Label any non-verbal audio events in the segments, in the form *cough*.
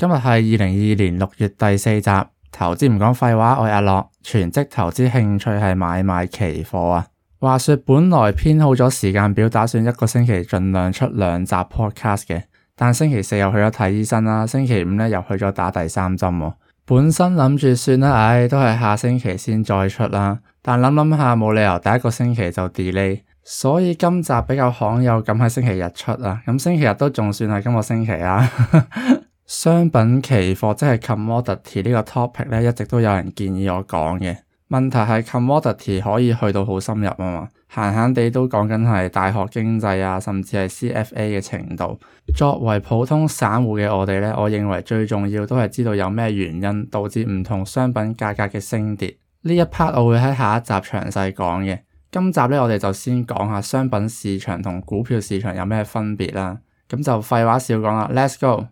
今日係二零二二年六月第四集，投資唔講廢話，我係阿樂，全職投資興趣係買賣期貨啊。話說本來編好咗時間表，打算一個星期盡量出兩集 podcast 嘅，但星期四又去咗睇醫生啦、啊，星期五咧，又去咗打第三針、啊。本身諗住算啦，唉，都係下星期先再出啦。但諗諗下，冇理由第一個星期就 delay，所以今集比較罕有咁喺星期日出啊。咁星期日都仲算係今個星期啊。 *laughs* 商品期貨即係 commodity 呢個 topic 呢，一直都有人建議我講嘅。問題係 commodity 可以去到好深入啊嘛，閒閒地都講緊係大學經濟啊，甚至係 CFA 嘅程度。作為普通散戶嘅我哋呢，我認為最重要都係知道有咩原因導致唔同商品價格嘅升跌。呢一 part 我會喺下一集詳細講嘅。今集呢，我哋就先講下商品市場同股票市場有咩分別啦。咁就廢話少講啦，Let's go。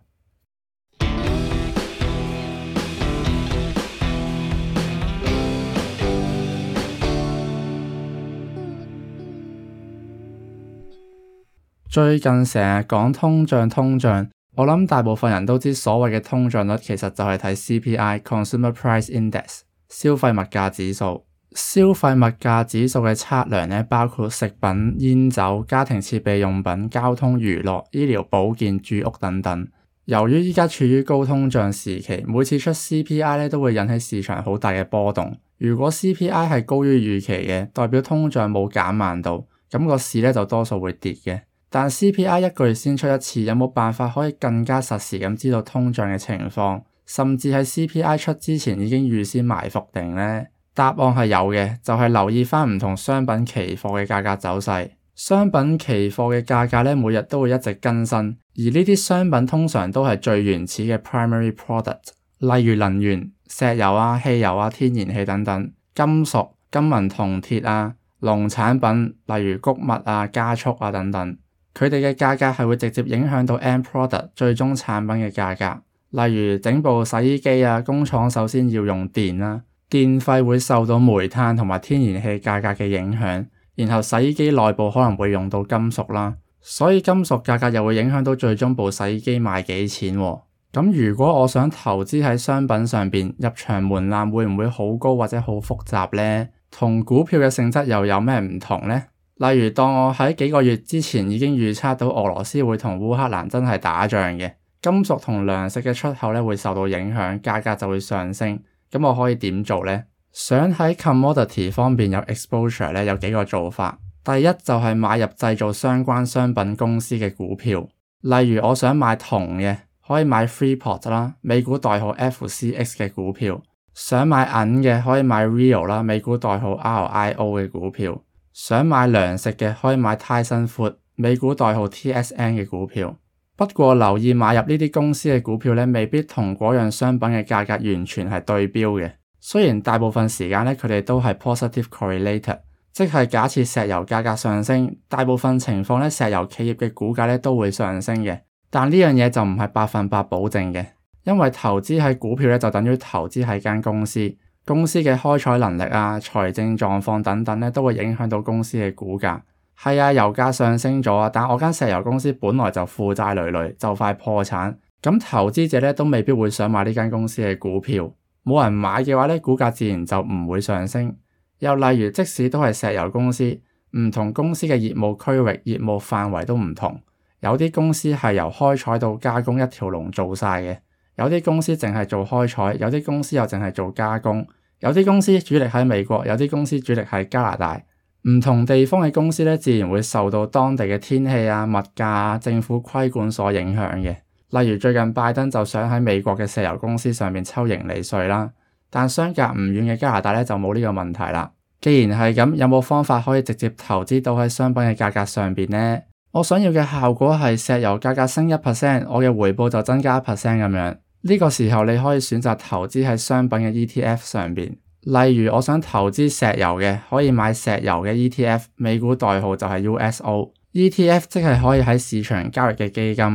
最近成日講通脹，通脹。我諗大部分人都知所謂嘅通脹率其實就係睇 CPI（Consumer Price Index，消費物價指數）。消費物價指數嘅測量咧，包括食品、煙酒、家庭設備用品、交通、娛樂、醫療保健、住屋等等。由於依家處於高通脹時期，每次出 CPI 咧都會引起市場好大嘅波動。如果 CPI 係高於預期嘅，代表通脹冇減慢到，咁個市呢就多數會跌嘅。但 CPI 一個月先出一次，有冇辦法可以更加實時咁知道通脹嘅情況，甚至喺 CPI 出之前已經預先埋伏定呢？答案係有嘅，就係、是、留意返唔同商品期貨嘅價格走勢。商品期貨嘅價格呢，每日都會一直更新，而呢啲商品通常都係最原始嘅 primary product，例如能源、石油啊、汽油啊、天然氣等等，金屬、金銀、銅、鐵啊，農產品，例如穀物啊、家畜啊等等。佢哋嘅價格係會直接影響到 end product 最終產品嘅價格，例如整部洗衣機啊，工廠首先要用電啦，電費會受到煤炭同埋天然氣價格嘅影響，然後洗衣機內部可能會用到金屬啦，所以金屬價格又會影響到最終部洗衣機賣幾錢喎啊。咁如果我想投資喺商品上面，入場門檻會唔會好高或者好複雜呢？同股票嘅性質又有咩唔同呢？例如，當我喺幾個月之前已經預測到俄羅斯會同烏克蘭真係打仗嘅，金屬同糧食嘅出口咧會受到影響，價格就會上升。咁我可以點做呢？想喺 commodity 方面有 exposure 咧，有幾個做法。第一就係買入製造相關商品公司嘅股票，例如我想買銅嘅，可以買 Freeport 啦，美股代號 FCX 嘅股票；想買銀嘅，可以買 Rio 啦，美股代號 RIO 嘅股票。想買糧食嘅，可以買泰森，闊美股代號 TSN 嘅股票。不過留意買入呢啲公司嘅股票呢，未必同嗰樣商品嘅價格完全係對標嘅。雖然大部分時間呢，佢哋都係 positive correlated，即係假設石油價格上升，大部分情況呢，石油企業嘅股價呢都會上升嘅。但呢樣嘢就唔係百分百保證嘅，因為投資喺股票呢就等於投資喺間公司。公司嘅開採能力啊、財政狀況等等呢，都會影響到公司嘅股價。係啊，油價上升咗，但我間石油公司本來就負債累累，就快破產，咁投資者呢都未必會想買呢間公司嘅股票。冇人買嘅話呢，股價自然就唔會上升。又例如，即使都係石油公司，唔同公司嘅業務區域、業務範圍都唔同，有啲公司係由開採到加工一條龍做晒嘅，有啲公司淨係做開採，有啲公司又淨係做加工。有啲公司主力喺美國，有啲公司主力喺加拿大，唔同地方嘅公司咧，自然會受到當地嘅天氣啊、物價、政府規管所影響嘅。例如最近拜登就想喺美國嘅石油公司上面抽盈利稅啦，但相隔唔遠嘅加拿大呢就冇呢個問題啦。既然係咁，有冇方法可以直接投資到喺商品嘅價格上面呢？我想要嘅效果係石油價格升一 percent，我嘅回報就增加一 percent 咁樣。呢個時候你可以選擇投資喺商品嘅 ETF 上面，例如我想投資石油嘅，可以買石油嘅 ETF，美股代號就係 USO。ETF 即係可以喺市場交易嘅基金，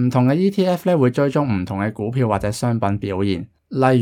唔同嘅 ETF 咧會追蹤唔同嘅股票或者商品表現，例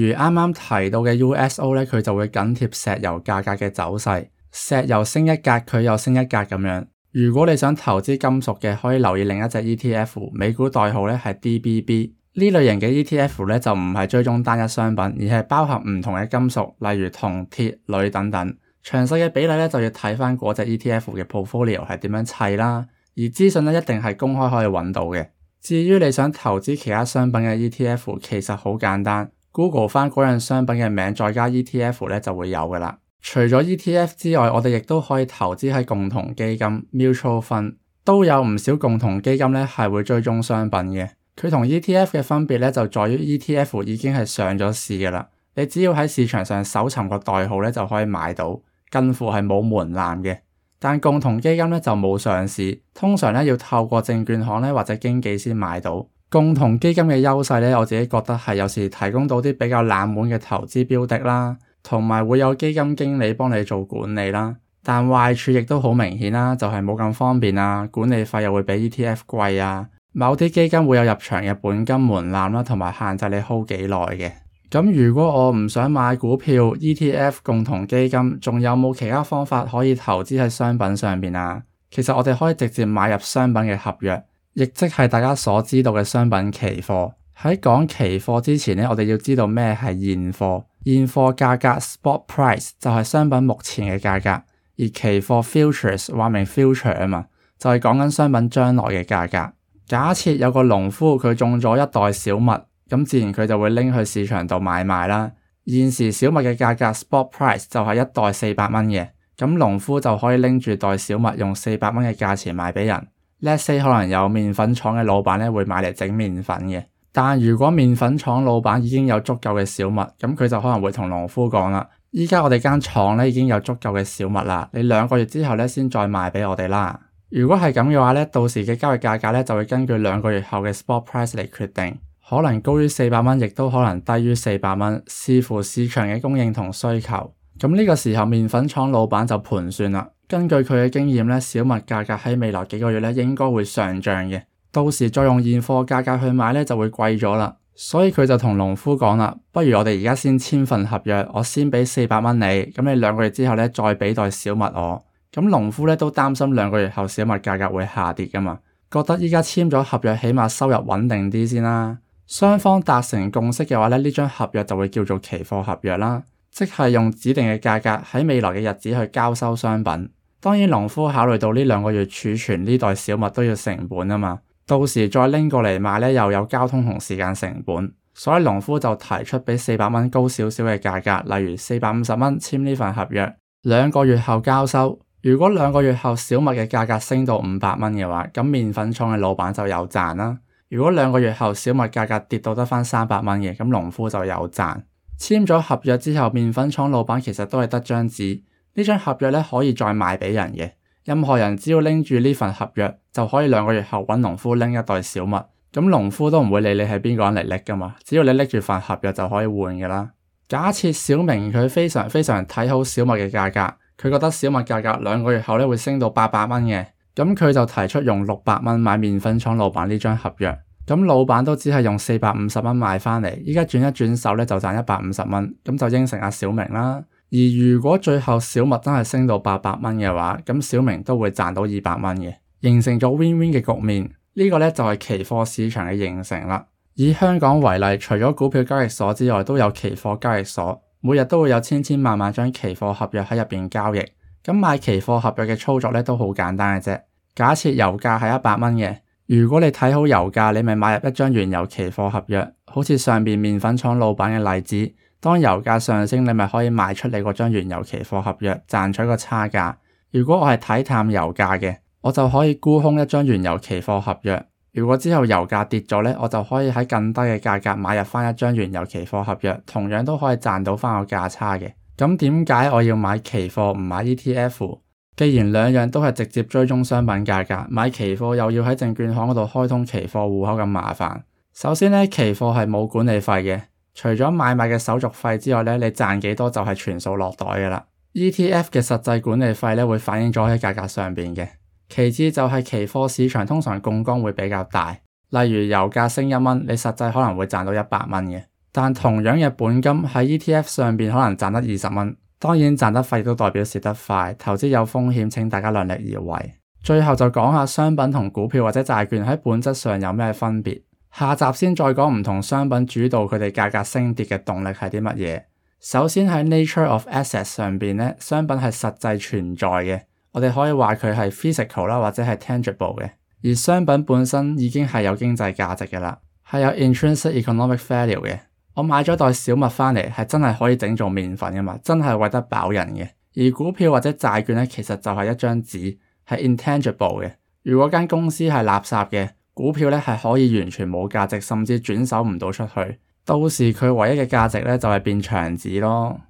如啱啱提到嘅 USO 佢就會緊貼石油價格嘅走勢，石油升一格佢又升一格咁樣。如果你想投資金屬嘅，可以留意另一隻 ETF，美股代號咧係 DBB。呢類型嘅 ETF 呢，就唔係追蹤單一商品，而係包含唔同嘅金屬，例如銅、鐵、鋁等等。詳細嘅比例呢，就要睇翻嗰隻 ETF 嘅 portfolio 係點樣砌啦。而資訊呢，一定係公開可以揾到嘅。至於你想投資其他商品嘅 ETF，其實好簡單，Google 翻嗰樣商品嘅名再加 ETF 呢，就會有㗎啦。除咗 ETF 之外，我哋亦都可以投資喺共同基金 （mutual fund），都有唔少共同基金呢，係會追蹤商品嘅。佢同 ETF 嘅分別呢，就在於 ETF 已經係上咗市嘅啦，你只要喺市場上搜尋個代號呢，就可以買到，近乎係冇門檻嘅。但共同基金呢，就冇上市，通常呢，要透過證券行呢，或者經紀先買到。共同基金嘅優勢呢，我自己覺得係有時提供到啲比較冷門嘅投資標的啦，同埋會有基金經理幫你做管理啦。但壞處亦都好明顯啦，就係冇咁方便啊，管理費又會比 ETF 貴啊。某啲基金會有入場嘅本金門檻啦，同埋限制你 hold 幾耐嘅。咁如果我唔想買股票、ETF、共同基金，仲有冇其他方法可以投資喺商品上面啊？其實我哋可以直接買入商品嘅合約，亦即係大家所知道嘅商品期貨。喺講期貨之前呢，我哋要知道咩係現貨。現貨價格 （spot price） 就係商品目前嘅價格，而期貨 （futures） 話明 future 啊嘛，就係講緊商品將來嘅價格。假設有個農夫，佢種咗一袋小麥，咁自然佢就會拎去市場度買賣啦。現時小麥嘅價格 spot price 就係一袋四百蚊嘅，咁農夫就可以拎住袋小麥用四百蚊嘅價錢賣俾人。Let's say 可能有麵粉廠嘅老闆咧會買嚟整麵粉嘅，但如果麵粉廠老闆已經有足夠嘅小麥，咁佢就可能會同農夫講：「喇，依家我哋間廠咧已經有足夠嘅小麥啦，你兩個月之後先再賣俾我哋啦。如果係咁嘅話，到時嘅交易價格就會根據兩個月後嘅 spot price 嚟決定，可能高於四百蚊，亦都可能低於四百蚊，視乎市場嘅供應同需求。咁呢個時候，麵粉廠老闆就盤算啦。根據佢嘅經驗咧，小麥價格喺未來幾個月咧應該會上漲嘅，到時再用現貨價格去買咧就會貴咗啦。所以佢就同農夫講啦，不如我哋而家先簽份合約，我先俾四百蚊你，咁你兩個月之後咧再俾袋小麥我。咁農夫咧都擔心兩個月後小麥價格會下跌噶嘛？覺得依家簽咗合約起碼收入穩定啲先啦。雙方達成共識嘅話咧，呢張合約就會叫做期貨合約啦，即係用指定嘅價格喺未來嘅日子去交收商品。當然，農夫考慮到呢兩個月儲存呢袋小麥都要成本啊嘛，到時再拎過嚟賣咧又有交通同時間成本，所以農夫就提出比四百蚊高少少嘅價格，例如四百五十蚊簽呢份合約，兩個月後交收。如果兩個月後小麥嘅價格升到五百蚊嘅話，咁麵粉廠嘅老闆就有賺啦。如果兩個月後小麥價格跌到得翻三百蚊嘅，咁農夫就有賺。簽咗合約之後，麵粉廠老闆其實都係得張紙，呢張合約咧可以再賣俾人嘅。任何人只要拎住呢份合約，就可以兩個月後揾農夫拎一袋小麥。咁農夫都唔會理你係邊個人嚟拎噶嘛，只要你拎住份合約就可以換噶啦。假設小明佢非常非常睇好小麥嘅價格。佢覺得小麥價格兩個月後咧會升到八百蚊嘅，咁佢就提出用六百蚊買麵粉廠老闆呢張合約，咁老闆都只係用四百五十蚊買返嚟，依家轉一轉手咧就賺一百五十蚊，咁就應承阿小明啦。而如果最後小麥真係升到八百蚊嘅話，咁小明都會賺到二百蚊嘅，形成咗 win win 嘅局面。呢個咧就係期貨市場嘅形成啦。以香港為例，除咗股票交易所之外，都有期貨交易所。每日都會有千千萬萬張期貨合約喺入邊交易，咁買期貨合約嘅操作咧都好簡單嘅啫。假設油價係一百蚊嘅，如果你睇好油價，你咪買入一張原油期貨合約，好似上邊面，麵粉廠老闆嘅例子。當油價上升，你咪可以賣出你嗰張原油期貨合約賺取個差價。如果我係睇淡油價嘅，我就可以沽空一張原油期貨合約。如果之後油價跌咗咧，我就可以喺更低嘅價格買入翻一張原油期貨合約，同樣都可以賺到翻個價差嘅。咁點解我要買期貨唔買 ETF？既然兩樣都係直接追蹤商品價格，買期貨又要喺證券行嗰度開通期貨戶口咁麻煩。首先咧，期貨係冇管理費嘅，除咗買賣嘅手續費之外咧，你賺幾多就係全數落袋噶啦。ETF 嘅實際管理費咧，會反映咗喺價格上面嘅。其次就係期貨市場通常槓桿會比較大，例如油價升一蚊，你實際可能會賺到一百蚊嘅。但同樣嘅本金喺 ETF 上面可能賺得二十蚊。當然賺得快亦都代表蝕得快。投資有風險，請大家量力而為。最後就講下商品同股票或者債券喺本質上有咩分別。下集先再講唔同商品主導佢哋價格升跌嘅動力係啲乜嘢。首先喺 nature of assets 上面咧，商品係實際存在嘅。我哋可以話佢係 physical 啦，或者係 tangible 嘅。而商品本身已經係有經濟價值嘅啦，係有 intrinsic economic value 嘅。我買咗一袋小麥返嚟，係真係可以整做麵粉噶嘛，真係餵得飽人嘅。而股票或者債券呢，其實就係一張紙，係 intangible 嘅。如果間公司係垃圾嘅，股票呢係可以完全冇價值，甚至轉手唔到出去，到時佢唯一嘅價值呢，就係、是、變牆紙咯。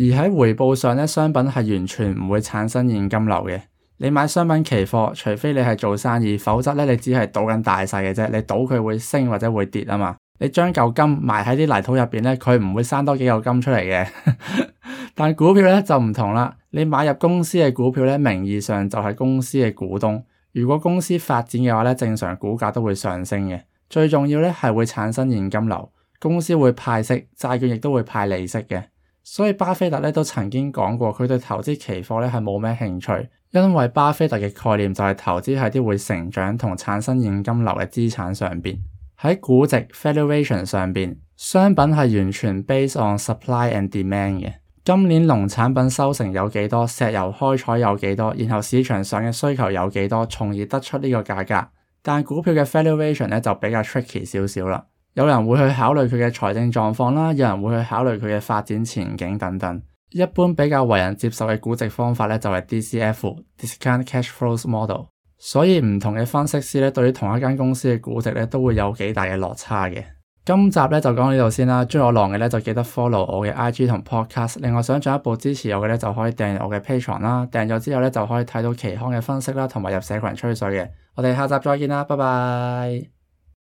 而喺回報上咧，商品係完全唔會產生現金流嘅。你買商品期貨，除非你係做生意，否則咧你只係賭緊大細嘅啫。你賭佢會升或者會跌啊嘛。你將舊金埋喺啲泥土入面咧，佢唔會生多幾嚿金出嚟嘅。 *laughs* 但股票呢就唔同啦。你買入公司嘅股票呢，名義上就係公司嘅股東。如果公司發展嘅話咧，正常股價都會上升嘅。最重要呢係會產生現金流，公司會派息，債券亦都會派利息嘅。所以巴菲特咧都曾經講過，佢對投資期貨咧係冇咩興趣，因為巴菲特嘅概念就係投資喺啲會成長同產生現金流嘅資產上面。喺估值 valuation 上面，商品係完全 based on supply and demand 嘅。今年農產品收成有幾多，石油開採有幾多，然後市場上嘅需求有幾多，從而得出呢個價格。但股票嘅 valuation 咧就比較 tricky 少少啦。有人會去考慮佢嘅財政狀況啦，有人會去考慮佢嘅發展前景等等。一般比較為人接受嘅估值方法咧就係 DCF（Discount Cash Flows Model）。所以唔同嘅分析師咧對於同一間公司嘅估值咧都會有幾大嘅落差嘅。今集咧就講到呢度先啦。中意我浪嘅咧就記得 follow 我嘅 IG 同 Podcast。另外想進一步支持我嘅咧就可以訂我嘅 Patreon 啦。訂咗之後咧就可以睇到期刊嘅分析啦，同埋入社群吹水嘅。我哋下集再見啦，拜拜。